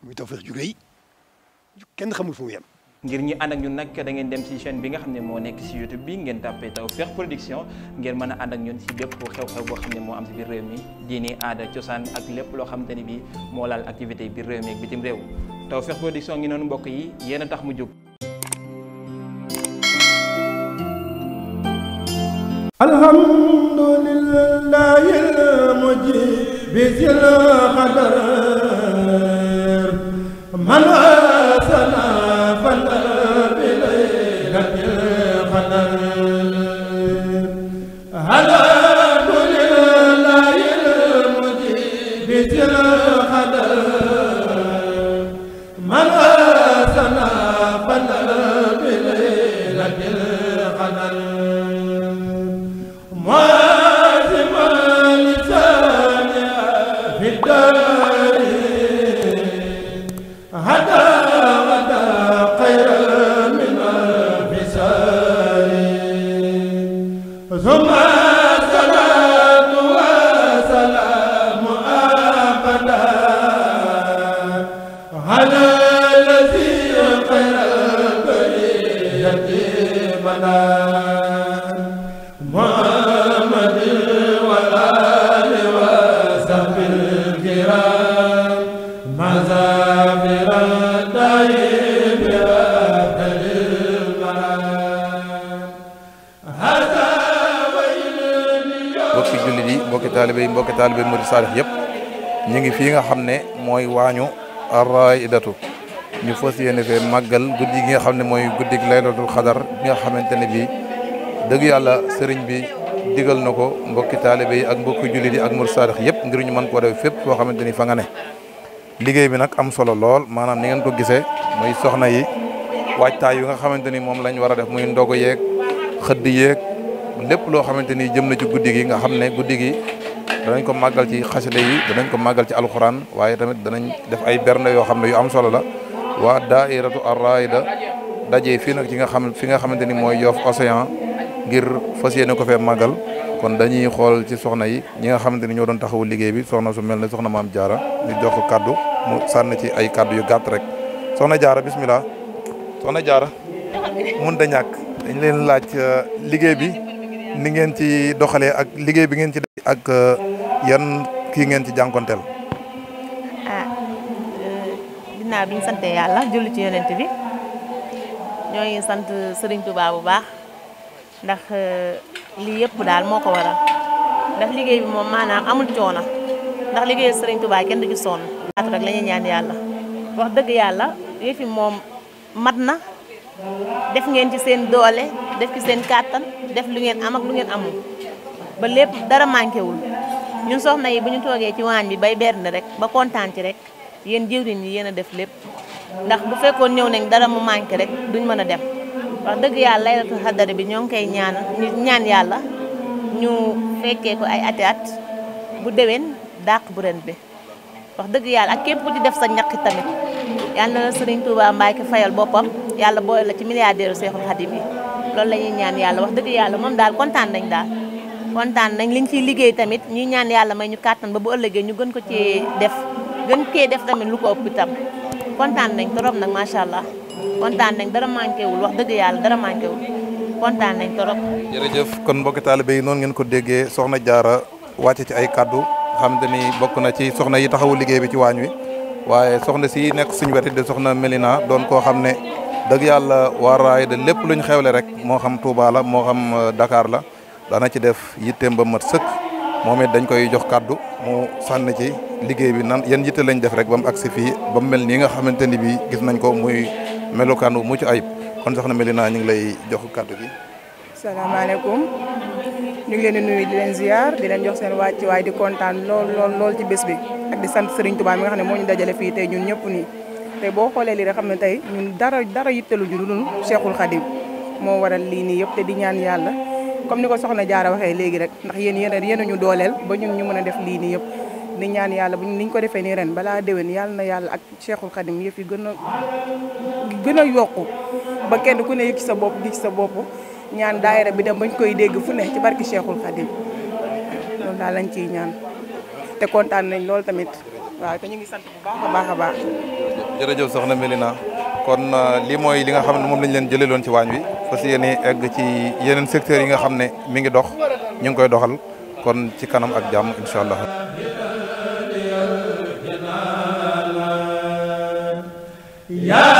muy Tawfekh ju rëy kenn xamul fu mu ngir ñi ànd ak ñun nag da ngeen dem ci chaîne bi nga xam ne moo nekk si YouTube bi ngeen tàppee Tawfekh Production ngeen mën a ànd ak ñun ci bépp xew-xew boo xam ne moo am ci biir réew mi diini aada cosaan ak lépp loo xamante ni bi moo laal activité biir réew mi ak bitim réew Tawfekh Production ngi noonu mbokk yi yéen a tax mu jóg. alhamdulillahi mujib bi zil man Muhammad mbokki jullit yi mbokki taalibe yi mbokki taalibe murid saalix yëpp ñu ngi fii nga xam ne mooy waañu Arraydatu ñu fas yéene fee màggal guddi nga xam ne mooy guddig laylatul xadar bi nga xamante ne bii dëgg yàlla sëriñ bi digal na ko mbokki taalibe yi ak mbokki jullit yi ak murid saalix yëpp ngir ñu mën koo def fépp foo xamante ni fa nga ne liggéey bi nag am solo lool maanaam ni ngeen ko gisee mooy soxna yi waajtaay yu nga xamante ni moom lañ war a def muy ndogu yeeg xëdd yeeg lépp loo xamante ni jëm na ci guddi gi nga xam ne guddi gi danañ ko màggal ci xasida yi danañ ko màggal ci alxuraan waaye tamit danañ def ay berne yoo xam ne yu am solo la waa daairatu arraida daje fii nag ci nga xam fi nga xamante ni mooy Yoff Océan ngir fas yéene ko fee màggal kon dañuy xool ci soxna yi ñi nga xamante ni ñoo doon taxawu liggéey bi soxna su mel ne soxna maam jaara ñu jox ko kaddu mu sànn ci ay kaddu yu gàtt rek soxna jaara bismillah soxna jaara mun da laaj euh, liggéey bi ni ngeen ci doxalee ak liggéey bi ngeen ci def ak euh, yan kii ngeen ci jànkonteel. ah euh, ginnaaw bi ñu yàlla julli ci yonent bi ñoo ngi sant Serigne Touba bu baax ndax euh, lii yëpp daal moo ko waral ndax liggéey bi moom maanaam amul coono ndax liggéey Serigne Touba kenn du ci sonn. at rek ñaan yàlla wax dëgg yàlla yëfi moom mat na. def ngeen ci seen doole def ci seen kàttan def lu ngeen am ak lu ngeen amul ba lépp dara manqué wul ñun soxna yi bu ñu toogee ci waañ bi bay berne rek ba kontaan ci rek yéen jëwriñ yi yéen a def lépp ndax bu fekkoon ñëw nañ dara mu manqué rek duñ mën a dem wax dëgg yàlla laylatul xadar bi ñoo ngi koy ñaan ñu ñaan yàlla ñu fekkee ko ay ati at bu déwén dàq bu ren bi wax dëgg yàlla ak képp ku def sa ñaq tamit yàlla na la Sëriñ Tuubaa Mbàkke fayal boppam yàlla booy la ci milliardaire Seexul Xadim yi la ñuy ñaan yàlla wax dëgg yàlla moom daal kontaan nañ daal kontaan nañ liñ ci liggéey tamit ñuy ñaan yàlla may ñu kàttan ba bu ëllëgee ñu gën ko ci def gën cee def tamit lu ko ëpp itam kontaan nañ torop nag macha allah kontaan nañ dara manqué wul wax dëgg yàlla dara manqué wul kontaan nañ torop. jërëjëf kon mbokki taalibe yi noonu ngeen ko déggee soxna jaara wàcce ci ay kaddu xam te ni bokk na ci soxna yi taxawu liggéey bi ci waañ wi waaye soxna si nekk suñu wet di koo xam ne dëgg yàlla waa raay de lépp luñ xewle rek moo xam Touba la moo xam euh, Dakar la dana ci def yitteem ba mat sëkk moom it dañ koy jox kaddu mu sànni ci liggéey bi nan yan yitte lañ def rek ba mu agsi fii ba mu mel nii nga xamante ni bii gis nañ ko muy melukaan wu mucc ayib kon sax soxna Melina ñu ngi lay jox kaddu bi. salaamaaleykum ñu ngi leen di nuyu di leen ziar di leen jox seen wàcc waaye di kontaan lool lool lool ci bés bi ak di sant Serigne mi nga xam ne moo ñu dajale fii tey te boo xoolee lii rek xam ne tey ñun dara dara yittelu ju dul Cheikhul Khadim moo waral lii nii yëpp te di ñaan yàlla comme ni ko soxna Jaara waxee léegi rek ndax yéen yéen yéen ñu dooleel ba ñun ñu mën a def lii nii yëpp di ñaan yàlla bu niñ ko defee nii ren balaa déwén yàlla na yàlla ak Cheikhul Khadim yëf yi gën a gën a yokku ba kenn ku ne ci sa bopp di sa bopp ñaan daayira bi dem bañ koy dégg fu ne ci barki Cheikhul Khadim loolu daal lañ ciy ñaan te kontaan nañ loolu tamit waaw te ñu ngi sant bu baax a baax jërëjëf soxna Mélina kon euh, lii mooy li nga xam ne moom lañ leen loon ci waañ wi parce que yéeni egg ci yeneen secteurs yi nga xam ne mi ngi dox ñu ngi koy doxal kon ci kanam ak jàmm incha allah ya